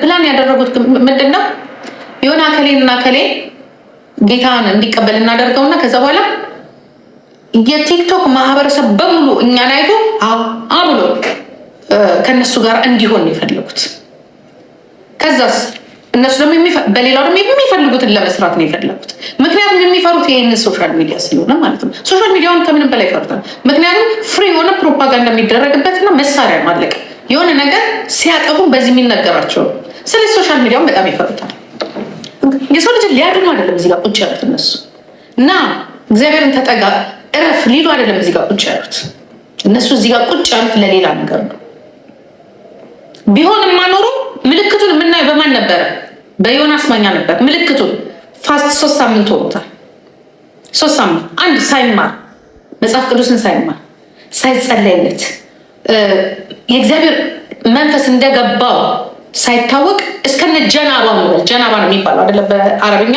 ፕላን ያደረጉት ምንድን ነው? የሆነ አከሌን እና አከሌ ጌታን እንዲቀበል እና ከዛ በኋላ የቲክቶክ ማህበረሰብ በሙሉ እኛን አይቶ አብሎ ከነሱ ከእነሱ ጋር እንዲሆን የፈለጉት። ከዛስ እነሱ ደግሞ በሌላው ደግሞ የሚፈልጉትን ለመስራት ነው የፈለጉት። ምክንያቱም የሚፈሩት ይህን ሶሻል ሚዲያ ስለሆነ ማለት ነው። ሶሻል ሚዲያውን ከምንም በላይ ይፈሩታል። ምክንያቱም ፍሪ የሆነ ፕሮፓጋንዳ የሚደረግበትና መሳሪያ ማለቅ የሆነ ነገር ሲያጠቡ በዚህ የሚነገራቸው ስለ ሶሻል ሚዲያውን በጣም ይፈሩታል። የሰው ልጅ ሊያድኑ አይደለም እዚህ ጋር ቁጭ ያሉት እነሱ እና እግዚአብሔርን ተጠጋ እረፍ ሊሉ አይደለም እዚህ ጋር ቁጭ ያሉት እነሱ እዚህ ጋር ቁጭ ያሉት ለሌላ ነገር ነው። ቢሆን የማኖሩ ምልክቱን የምናየው በማን ነበረ? በዮናስ ማኛ ነበር። ምልክቱን ፋስት ሶስት ሳምንት ሆኖታል። ሶስት ሳምንት አንድ ሳይማር መጽሐፍ ቅዱስን ሳይማር ሳይጸለይለት የእግዚአብሔር መንፈስ እንደገባው ሳይታወቅ እስከነ ጀናባ ነው። ጀናባ ነው የሚባለው አይደለ? በአረብኛ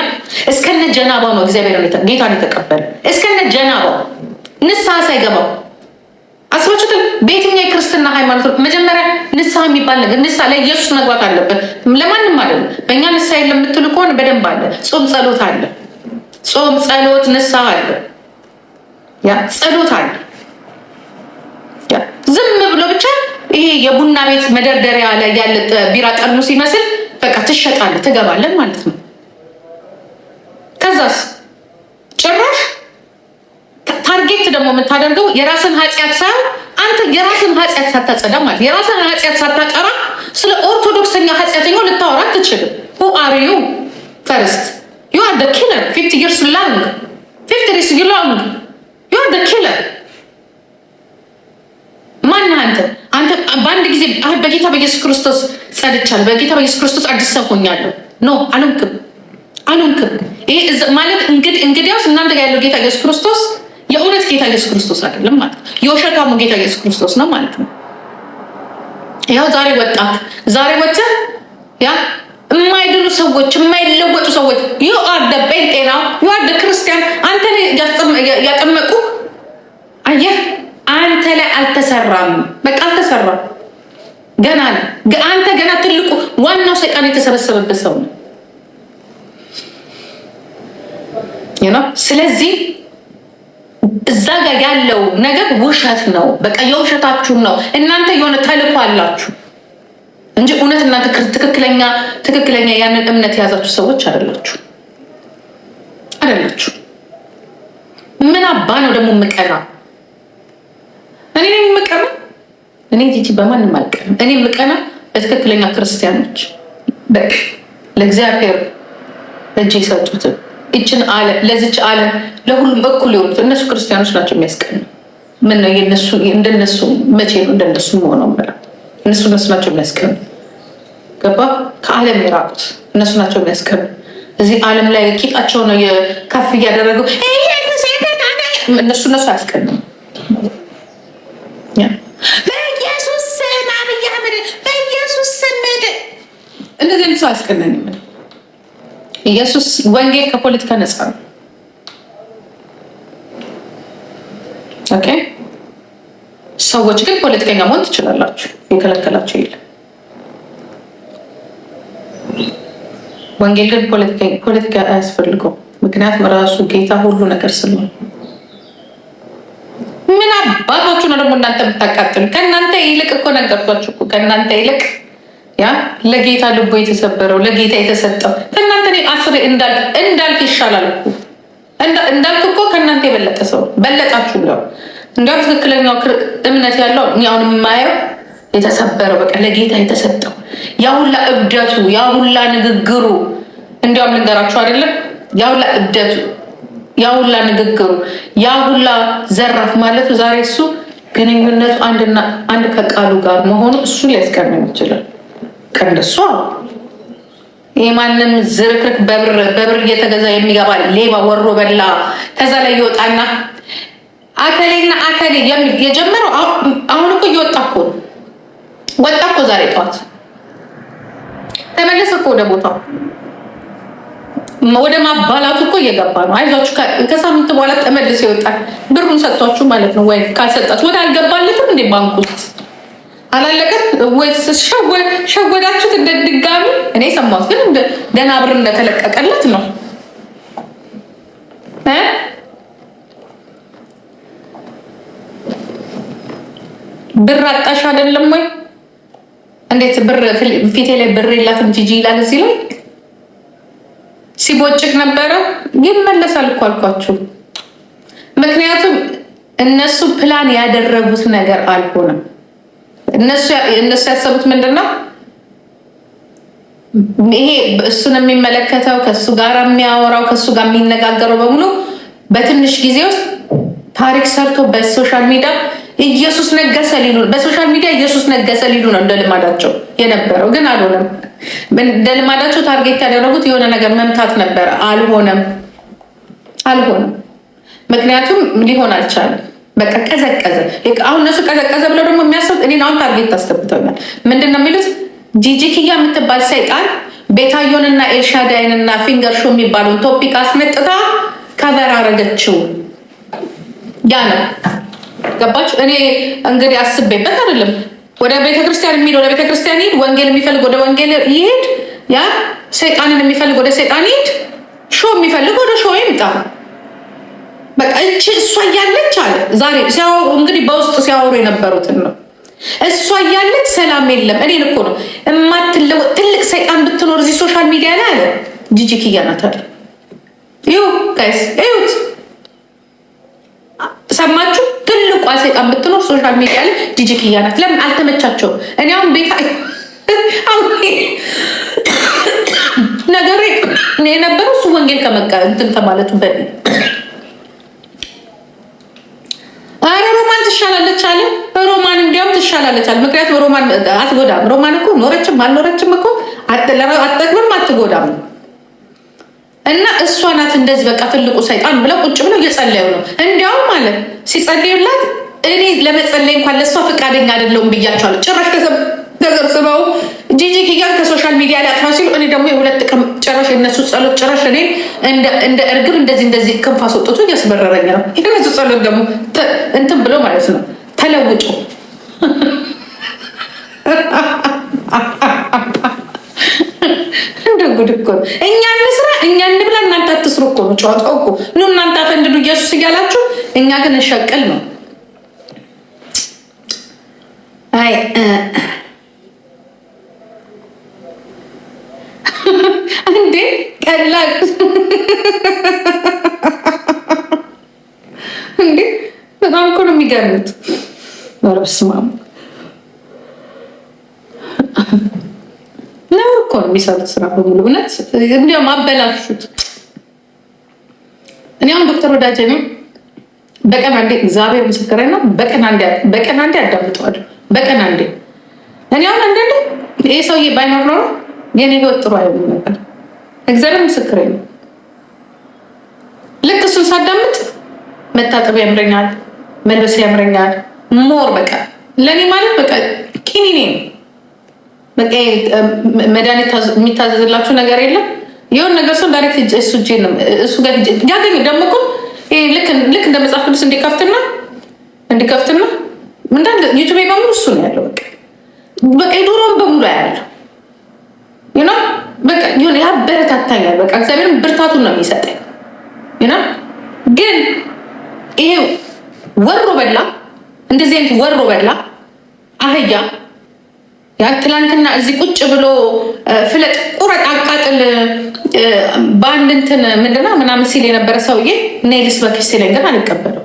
እስከነ ጀናባ ነው እግዚአብሔር ጌታን የተቀበለ እስከነ ጀናባ ንስሐ ሳይገባው አስባችሁትን። በየትኛው የክርስትና ሃይማኖት ነው መጀመሪያ ንስሐ የሚባል ነገር? ንስሐ ለኢየሱስ መግባት አለበት፣ ለማንም አይደለም። በእኛ ንስሐ የለም የምትሉ ከሆነ በደንብ አለ። ጾም ጸሎት አለ። ጾም ጸሎት ንስሐ አለ። ጸሎት አለ ዝም ብሎ ብቻ ይሄ የቡና ቤት መደርደሪያ ላይ ያለ ቢራ ጠርሙስ ሲመስል በቃ ትሸጣለ፣ ትገባለን ማለት ነው። ከዛስ ጭራሽ ታርጌት ደግሞ የምታደርገው የራስን ኃጢአት ሳይሆን አንተ የራስን ኃጢአት ሳታጸዳ ማለት የራስን ኃጢአት ሳታጠራ ስለ ኦርቶዶክሰኛ ኃጢአተኛው ልታወራ ትችልም። ሁ አር ዩ ፈርስት ዩ አር ደ ኪለር ፊፍቲ ይርስ ላንግ ፊፍቲ ይርስ ላንግ ዩ አር ደ ኪለር ማነህ አንተ? አንተ በአንድ ጊዜ በጌታ በኢየሱስ ክርስቶስ ጸድቻለሁ፣ በጌታ በኢየሱስ ክርስቶስ አዲስ ሰው ሆኛለሁ። ኖ አልሆንክም፣ አልሆንክም። ይሄ ማለት እንግዲያውስ እናንተ ጋር ያለው ጌታ ኢየሱስ ክርስቶስ የእውነት ጌታ ኢየሱስ ክርስቶስ አይደለም ማለት ነው። የውሸታሙ ጌታ ኢየሱስ ክርስቶስ ነው ማለት ነው። ያው ዛሬ ወጣት ዛሬ ወጥተህ ያ የማይድሩ ሰዎች የማይለወጡ ሰዎች ዩ አር ደ ጴንጤ ዩ አር ደ ክርስቲያን አንተን ያጠመቁ አየህ አንተ ላይ አልተሰራም። በቃ አልተሰራም። ገና አንተ ገና ትልቁ ዋናው ሰይጣን የተሰበሰበበት ሰው ነው። ስለዚህ እዛ ጋር ያለው ነገር ውሸት ነው። በቃ የውሸታችሁን ነው። እናንተ የሆነ ተልኮ አላችሁ እንጂ እውነት እናንተ ትክክለኛ ትክክለኛ ያንን እምነት የያዛችሁ ሰዎች አይደላችሁ አይደላችሁ። ምን አባ ነው ደግሞ የምቀራ እኔ ነው የምቀና። እኔ ጂጂ በማንም አልቀናም። እኔ የምቀና በትክክለኛ ክርስቲያኖች ለእግዚአብሔር እጅ የሰጡትን ይችን አለ ለዚች አለ ለሁሉም እኩል የሆኑት እነሱ ክርስቲያኖች ናቸው የሚያስቀኑ። ምነው የነሱ እንደነሱ መቼ ነው እንደነሱ መሆነው? እነሱ እነሱ ናቸው የሚያስቀኑ። ገባ ከዓለም የራቁት እነሱ ናቸው የሚያስቀኑ። እዚህ ዓለም ላይ ቂጣቸው ነው ከፍ እያደረገው እነሱ እነሱ አያስቀኑም። በኢየሱስ ስም አብይ አህመድ በኢየሱስ ስም እንደዚህ አይነት ሰው ኢየሱስ ወንጌል ከፖለቲካ ነፃ ነው። ኦኬ ሰዎች ግን ፖለቲከኛ መሆን ትችላላችሁ፣ የከለከላችሁ የለም። ወንጌል ግን ፖለቲካ አያስፈልገው፣ ምክንያቱም ራሱ ጌታ ሁሉ ነገር ስለሆነ ምን አባታችሁ ነው ደግሞ እናንተ የምታቃጥሉ? ከእናንተ ይልቅ እኮ ነገርኳችሁ እኮ ከእናንተ ይልቅ ያ ለጌታ ልቦ የተሰበረው ለጌታ የተሰጠው ከእናንተ አስሬ እንዳልክ ይሻላል እኮ እንዳልክ እኮ ከእናንተ የበለጠ ሰው በለጣችሁ ብለው እንዲያውም ትክክለኛው እምነት ያለው አሁን የማየው የተሰበረው በቃ ለጌታ የተሰጠው ያሁላ እብደቱ ያሁላ ንግግሩ እንዲያውም ልንገራችሁ አይደለም ያሁላ እብደቱ ያ ሁላ ንግግሩ ያ ሁላ ዘራፍ ማለቱ ዛሬ እሱ ግንኙነቱ አንድና አንድ ከቃሉ ጋር መሆኑ እሱ ሊያስቀርም ይችላል። ቀንደሷ የማንም ዝርክርክ በብር በብር እየተገዛ የሚገባ ሌባ ወሮ በላ ከዛ ላይ ይወጣና አከሌና አከሌ የጀመረው አሁን እኮ እየወጣ እኮ ወጣ እኮ ዛሬ ጠዋት ተመለሰ እኮ ወደ ቦታው ወደ ማባላቱ እኮ እየገባ ነው። አይዟችሁ፣ ከሳምንት በኋላ ተመልሶ ይወጣል። ብሩን ሰጥቷችሁ ማለት ነው ወይ ካልሰጣችሁ ወደ አልገባለትም እንዴ ባንክ ውስጥ አላለቀም ወይስ ሸወዳችሁት? እንደ ድጋሚ እኔ ሰማሁት፣ ግን ደህና ብር እንደተለቀቀለት ነው። ብር አጣሽ አይደለም ወይ? እንዴት ብር ፊቴ ላይ ብር የላትም ጂጂ ይላል እዚህ ላይ ሲቦጭቅ ነበረ። ይመለሳል እኮ አልኳችሁ። ምክንያቱም እነሱ ፕላን ያደረጉት ነገር አልሆነም። እነሱ ያሰቡት ምንድን ነው? ይሄ እሱን የሚመለከተው ከሱ ጋር የሚያወራው ከሱ ጋር የሚነጋገረው በሙሉ በትንሽ ጊዜ ውስጥ ታሪክ ሰርቶ በሶሻል ሚዲያ ኢየሱስ ነገሰ ሊሉ በሶሻል ሚዲያ ኢየሱስ ነገሰ ሊሉ ነው እንደ ልማዳቸው የነበረው፣ ግን አልሆነም። ለልማዳቸው ታርጌት ያደረጉት የሆነ ነገር መምታት ነበር አልሆነም አልሆነም። ምክንያቱም ሊሆን አልቻለም። በቃ ቀዘቀዘ። አሁን እነሱ ቀዘቀዘ ብለው ደግሞ የሚያስቡት እኔን አሁን ታርጌት አስገብተውኛል። ምንድን ነው የሚሉት? ጂጂ ኪያ የምትባል ሰይጣን ቤታዮንና ኤልሻዳይንና ፊንገር ሾ የሚባለውን ቶፒክ አስመጥታ ከበር አረገችው። ያ ነው ገባችሁ። እኔ እንግዲህ አስቤበት አይደለም ወደ ቤተ ክርስቲያን የሚሄድ ወደ ቤተ ክርስቲያን ሂድ፣ ወንጌል የሚፈልግ ወደ ወንጌል ይሄድ፣ ያ ሰይጣንን የሚፈልግ ወደ ሰይጣን ይሄድ፣ ሾ የሚፈልግ ወደ ሾ ይምጣ። በቃ እቺ እሷ እያለች አለ ዛሬ ሲያወሩ እንግዲህ በውስጥ ሲያወሩ የነበሩትን ነው። እሷ እያለች ሰላም የለም። እኔን እኮ ነው እማትለወጥ ትልቅ ሰይጣን ብትኖር እዚህ ሶሻል ሚዲያ ላይ አለ ጂጂ ክያናታል። ይሁ ቀስ ይሁት ሰማችሁ? ቋ ሰይጣን ብትኖር ሶሻል ሚዲያ ላይ ጂጂክያ ናት። ለምን አልተመቻቸው? እኔ አሁን ቤት ነገሩ የነበረው እሱ ወንጌል ከመቃ እንትን ከማለቱ በፊት አረ ሮማን ትሻላለች አለ። ሮማን እንዲያውም ትሻላለች አለ። ምክንያቱም ሮማን አትጎዳም። ሮማን እኮ ኖረችም አልኖረችም እኮ አትጠቅምም፣ አትጎዳም ነው እና እሷ ናት እንደዚህ በቃ ትልቁ ሰይጣን ብለው ቁጭ ብለው እየጸለዩ ነው። እንዲያውም ማለት ሲጸልዩላት እኔ ለመጸለይ እንኳን ለእሷ ፈቃደኛ አይደለሁም ብያቸዋል። ጭራሽ ተሰብስበው ጂጂ ኪያን ከሶሻል ሚዲያ ላይ አጥፋ ሲሉ እኔ ደግሞ የሁለት ቀን ጭራሽ የነሱ ጸሎት ጭራሽ እኔ እንደ እርግብ እንደዚህ እንደዚህ ክንፍ አስወጥቶ እያስበረረኝ ነው። የነሱ ጸሎት ደግሞ እንትን ብሎ ማለት ነው ተለውጡ እንደ ጉድ እኮ እኛ ንስ እኛ እንብላ እናንተ አትስሩ እኮ ነው ጨዋታው እኮ ኑ እናንተ አፈንድዱ ኢየሱስ እያላችሁ፣ እኛ ግን እሸቅል ነው። አይ እንዴ ቀላል እንዴ በጣም እኮ ነው የሚገርምት። ኧረ እኮ ነው የሚሰሩት ስራ በሙሉ። እውነት እንዲያውም አበላሹት። እኔ አሁን ዶክተር ወዳጄ ነው በቀን አንዴ እግዚአብሔር ምስክሬ ነው። በቀን አንዴ በቀን አንዴ አዳምጠዋለሁ። በቀን አንዴ እኔ አሁን አንዳንዴ ይሄ ሰውዬ ባይኖር ኖሮ የኔ ህይወት ጥሩ አይሆንም ነበር። እግዚአብሔር ምስክር ነው። ልክ እሱን ሳዳምጥ መታጠብ ያምረኛል፣ መልበስ ያምረኛል። ሞር በቃ ለእኔ ማለት በቃ ኪኒኔ ነው መድኃኒት የሚታዘዝላችሁ ነገር የለም። የሆን ነገር ሰው ዳይሬክት እሱ እሱ ጋር ያገኝ ደግሞ እኮ ልክ እንደ መጽሐፍ ቅዱስ እንዲከፍትና እንዲከፍትና እንዳለ ዩቱቤ በሙሉ እሱ ነው ያለው። በቃ የዶሮን በሙሉ ያለው ዩና በቃ ሆነ ያበረታታኛል። በቃ እግዚአብሔርም ብርታቱን ነው የሚሰጠኝ ዩና ግን ይሄ ወሮ በላ እንደዚህ አይነት ወሮ በላ አህያ ትላንትና እዚህ ቁጭ ብሎ ፍለጥ ቁረጥ አቃጥል በአንድ እንትን ምንድን ምናምን ሲል የነበረ ሰውዬ እኔ ልስበክሽ ሲለኝ ግን አልቀበለው።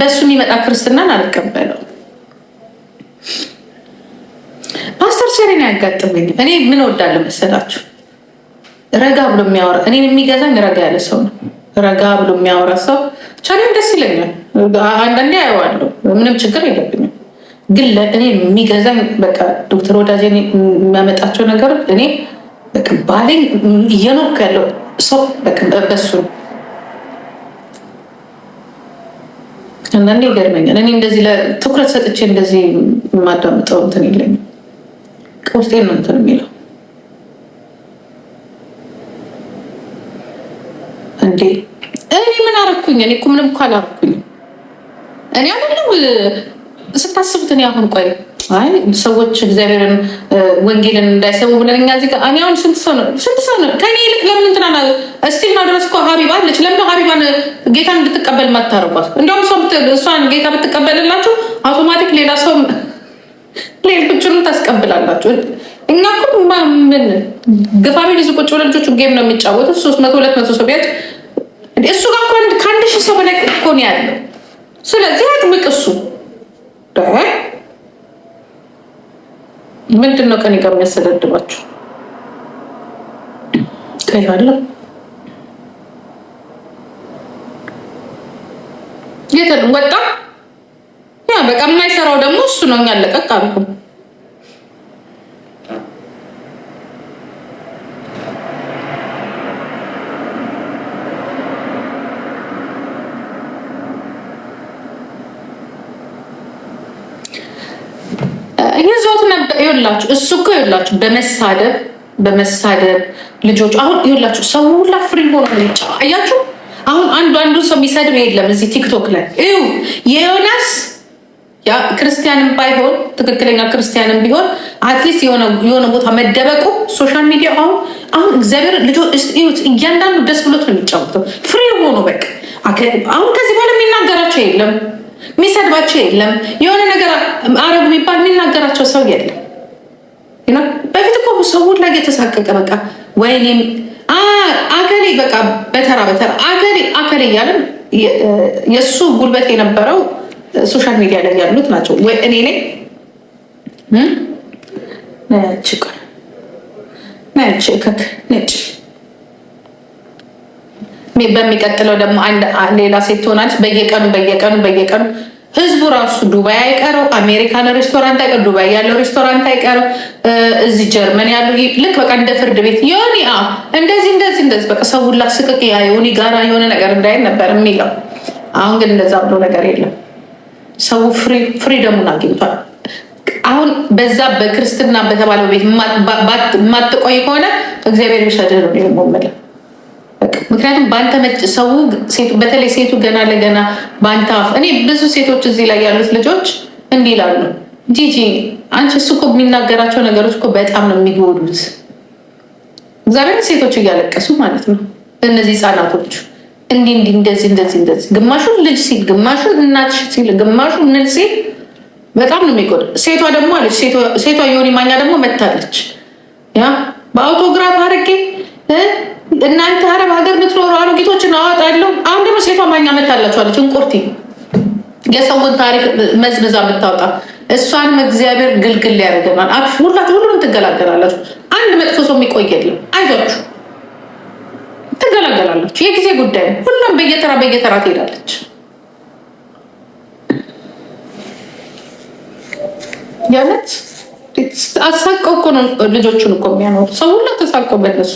በሱ የሚመጣ ክርስትናን አልቀበለው። ፓስተር ቸሬን ያጋጥመኝ። እኔ ምን ወዳለ መሰላችሁ? ረጋ ብሎ የሚያወራ እኔን የሚገዛኝ ረጋ ያለ ሰው ነው። ረጋ ብሎ የሚያወራ ሰው ቸሬን ደስ ይለኛል። አንዳንዴ አየዋለሁ። ምንም ችግር የለብኝ ግን ለእኔ የሚገዛኝ በቃ ዶክተር ወዳጄ የሚያመጣቸው ነገር እኔ ባሌ እየኖርኩ ያለው ሰው በሱ ነው። አንዳንዴ ይገርመኛል። እኔ እንደዚህ ትኩረት ሰጥቼ እንደዚህ የማዳምጠው እንትን የለኝም። ውስጤን ነው እንትን የሚለው እንዴ እኔ ምን አረኩኝ? እኔ እኮ ምንም እኮ አላረኩኝ። እኔ አይደለም የምታስቡት እኔ አሁን ቆይ አይ ሰዎች እግዚአብሔርን ወንጌልን እንዳይሰሙ ብለን እኛ እዚህ ጋር እኔ አሁን ስንት ሰው ነው ስንት ሰው ነው ከኔ ይልቅ ለምን እንትና ና እስቲል ነው ድረስ እኮ ሀቢባ አለች። ለምን ሀቢባን ጌታ እንድትቀበል ማታረጓት? እንደውም እሷን ጌታ ብትቀበልላችሁ አውቶማቲክ ሌላ ሰው ሌሎቹንም ታስቀብላላችሁ። እኛ እኮ ምን ግፋሚ ልዙ ቁጭ ብለ ልጆቹ ጌም ነው የሚጫወቱ ሶስት መቶ ሁለት መቶ ሰው ቢያጭ እሱ ጋር ከአንድ ሺህ ሰው በላይ እኮ ነው ያለው። ስለዚህ አጥብቅ እሱ ምንድን ነው ከኔ ጋር የሚያሰዳድባችሁ? ቀይራለሁ። ወጣ ያ በቃ የማይሰራው ደግሞ እሱ ነው። እኛን ለቀቅ አልኩ። ይዞት ነበር። ይላችሁ እሱ እኮ ይላችሁ በመሳደብ በመሳደብ ልጆች አሁን ይላችሁ ሰው ሁላ ፍሪ ሆኖ ብቻ አያችሁ። አሁን አንዱ አንዱ ሰው የሚሰድብ የለም እዚህ ቲክቶክ ላይ እዩ። የዮናስ ክርስቲያንም ባይሆን ትክክለኛ ክርስቲያንም ቢሆን አትሊስት የሆነ ቦታ መደበቁ ሶሻል ሚዲያ አሁን አሁን እግዚአብሔር ልጆች እያንዳንዱ ደስ ብሎት ነው የሚጫወተው ፍሪ ሆኖ በቃ። አሁን ከዚህ በኋላ የሚናገራቸው የለም የሚሰድባቸው የለም። የሆነ ነገር አረብ የሚባል የሚናገራቸው ሰው የለም። በፊት እኮ ሰው ሁላ የተሳቀቀ በቃ ወይኔም አገሌ በቃ በተራ በተራ አገሌ አገሌ እያለን የእሱ ጉልበት የነበረው ሶሻል ሚዲያ ላይ ያሉት ናቸው። ወይ እኔ ነኝ ነጭ ነጭ በሚቀጥለው ደግሞ ሌላ ሴት ትሆናለች። በየቀኑ በየቀኑ በየቀኑ ህዝቡ ራሱ ዱባይ አይቀረው፣ አሜሪካን ሬስቶራንት አይቀር፣ ዱባይ ያለው ሬስቶራንት አይቀረው፣ እዚህ ጀርመን ያሉ ልክ በቃ እንደ ፍርድ ቤት የሆኒ እንደዚህ እንደዚህ እንደዚህ በቃ ሰው ሁላ ስቅቅ የሆኒ ጋራ የሆነ ነገር እንዳይ ነበር የሚለው። አሁን ግን እንደዛ ብሎ ነገር የለም። ሰው ፍሪደሙን አግኝቷል። አሁን በዛ በክርስትና በተባለው ቤት ማትቆይ ከሆነ እግዚአብሔር ይውሰድህ ነው የምለው ምክንያቱም በአንተ መጭ ሰው በተለይ ሴቱ ገና ለገና በአንተ አፍ እኔ ብዙ ሴቶች እዚህ ላይ ያሉት ልጆች እንዲህ ይላሉ፣ ጂጂ አንቺ እሱ እኮ የሚናገራቸው ነገሮች እኮ በጣም ነው የሚጎዱት። እግዚአብሔር ሴቶች እያለቀሱ ማለት ነው። እነዚህ ህፃናቶች እንዲህ እንዲህ እንደዚህ እንደዚህ እንደዚህ ግማሹን ልጅ ሲል ግማሹን እናትሽ ሲል ግማሹን ምን ሲል በጣም ነው የሚጎዳ። ሴቷ ደግሞ አለች ሴቷ የሆኒ ማኛ ደግሞ መታለች ያ በአውቶግራፍ አድርጌ እናንተ አረብ ሀገር የምትኖሩ አሮጊቶችን አወጣለሁ። አሁን ደግሞ ሴቷ ማኛ መታላችኋለች። እንቁርቲ የሰውን ታሪክ መዝመዛ የምታወጣ እሷንም እግዚአብሔር ግልግል ያደርገናል። ሁላችሁ ሁሉንም ትገላገላላችሁ። አንድ መጥፎ ሰው የሚቆይ የለም። አይዟችሁ ትገላገላለች። የጊዜ ጉዳይ ነው። ሁሉም በየተራ በየተራ ትሄዳለች። ያለት አሳቀው እኮ ነው ልጆቹን እኮ የሚያኖሩ ሰው ሁላ ተሳቀው በነሱ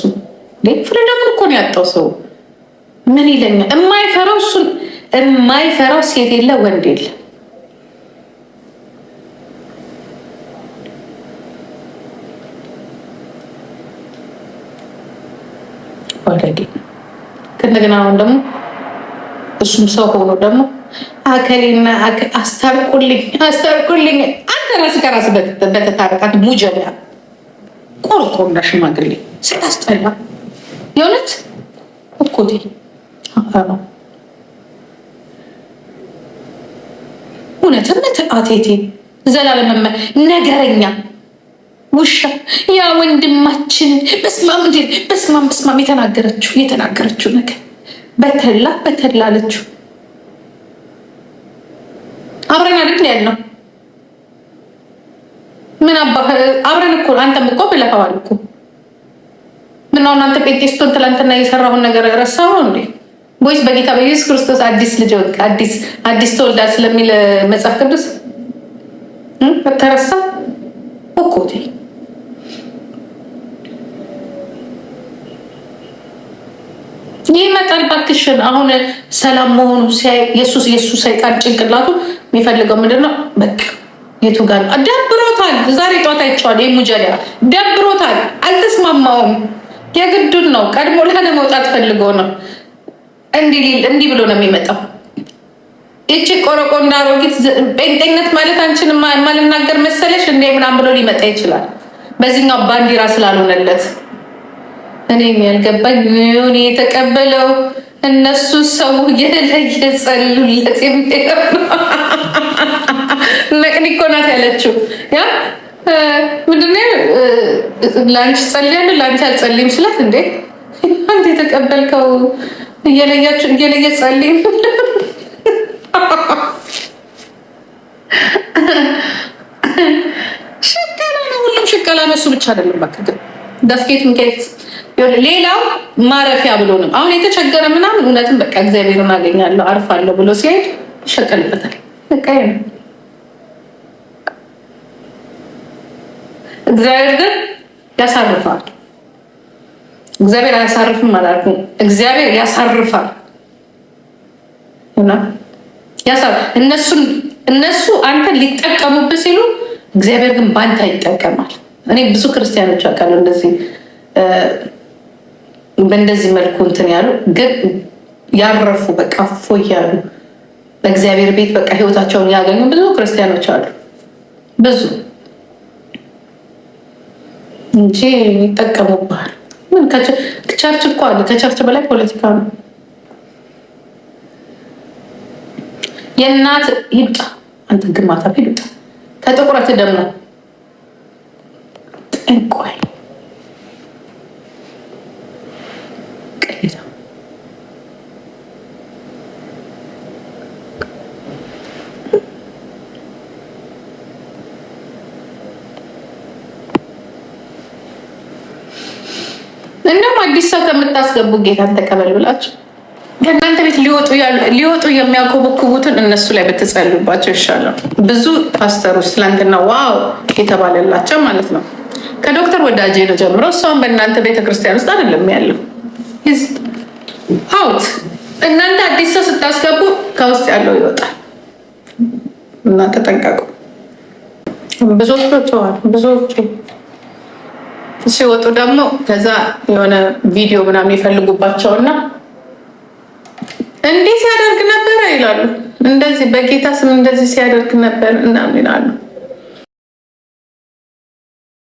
ፍሪደም እኮ ነው ያጣው ሰው። ምን ይለኛል? የማይፈራው እሱን የማይፈራው ሴት የለ ወንድ የለ። ባለጌ ከእንደገና አሁን ደግሞ እሱም ሰው ሆኖ ደግሞ አከሌና አስታርቁልኝ፣ አስታርቁልኝ። አንተ ራስ ከራስ በተታረቃት ሙጀላ ቆርጦና ሽማግሌ ስታስጠላ የእውነት እኮቴ እውነትም አቴቴ ዘላለም ነገረኛ ውሻ ያ ወንድማችንን በስማም እንዴ በስማም በስማም የተናገረችው የተናገረችው ነገር በተላ በተላ አለችው። አብረን አይደል ያልነው? ምን አባ አብረን እኮ አንተም እኮ ብለኸዋል እኮ ምነው እናንተ ጴንጤስቶን ትላንትና የሰራሁን ነገር ረሳሁ እንዴ? ወይስ በጌታ በኢየሱስ ክርስቶስ አዲስ ልጅ አዲስ አዲስ ተወልዳል ስለሚል መጽሐፍ ቅዱስ ተረሳ እኮ ይመጣል። እባክሽን አሁን ሰላም መሆኑ የሱስ የሱ ሰይጣን ጭንቅላቱ የሚፈልገው ምንድን ነው? በቃ የቱ ጋር ነው? ደብሮታል። ዛሬ ጠዋት አይቼዋለሁ። ሙጀሪያ ደብሮታል። አልተስማማውም የግዱን ነው። ቀድሞ ላለመውጣት ፈልጎ ነው እንዲህ ብሎ ነው የሚመጣው። ይቺ ቆረቆ እንዳሮጊት ጴንጤነት ማለት አንቺን ማልናገር መሰለሽ እንደ ምናምን ብሎ ሊመጣ ይችላል። በዚህኛው ባንዲራ ስላልሆነለት እኔ ያልገባኝ ሆን የተቀበለው እነሱ ሰው የለየ ጸሉለት የሚጠቀም ነቅኒኮናት ያለችው ያ ምንድነው ለአንቺ ጸልያለሁ ለአንቺ አልጸልይም ስላት፣ እንዴ አንተ የተቀበልከው እየለያችሁ እየለየ ጸልይም ሽቀላ ነው። ሁሉም ሽቀላ ነው። እሱ ብቻ አይደለም። እባክህ ግን ዳስኬት ምንኬት ሌላው ማረፊያ ብሎ ነው። አሁን የተቸገረ ምናምን እውነትም በቃ እግዚአብሔርን አገኛለሁ አርፋለሁ ብሎ ሲሄድ ይሸቀልበታል። በቃ እግዚአብሔር ግን ያሳርፋል። እግዚአብሔር አያሳርፍም አላልኩም። እግዚአብሔር ያሳርፋል እና እነሱን እነሱ አንተን ሊጠቀሙብህ ሲሉ እግዚአብሔር ግን በአንተ ይጠቀማል። እኔ ብዙ ክርስቲያኖች አውቃለሁ እንደዚህ በእንደዚህ መልኩ እንትን ያሉ ግን ያረፉ በቃ እፎይ ያሉ በእግዚአብሔር ቤት በቃ ህይወታቸውን ያገኙ ብዙ ክርስቲያኖች አሉ ብዙ እንጂ ይጠቀሙብሃል። ምን ከቸርች እኮ አለ። ከቸርች በላይ ፖለቲካ ነው። የእናት ይብጣ አንተ ግማታ ይብጣ ከጥቁረት ደግሞ ጠንቋይ ሰው ከምታስገቡ ጌታን ተቀበል ብላችሁ ከእናንተ ቤት ሊወጡ የሚያኮበኩቡትን እነሱ ላይ ብትጸልዩባቸው ይሻላል። ብዙ ፓስተሮች ትላንትና ዋው የተባለላቸው ማለት ነው። ከዶክተር ወዳጄ ነው ጀምሮ እሷን በእናንተ ቤተክርስቲያን ውስጥ አይደለም ያለው አውት እናንተ አዲስ ሰው ስታስገቡ ከውስጥ ያለው ይወጣል እናንተ ጠንቀቁ። ብዙዎች ብዙዎች ሲወጡ ደግሞ ከዛ የሆነ ቪዲዮ ምናምን ይፈልጉባቸውና እንዲህ ሲያደርግ ነበረ ይላሉ። እንደዚህ በጌታ ስም እንደዚህ ሲያደርግ ነበር ምናምን ይላሉ።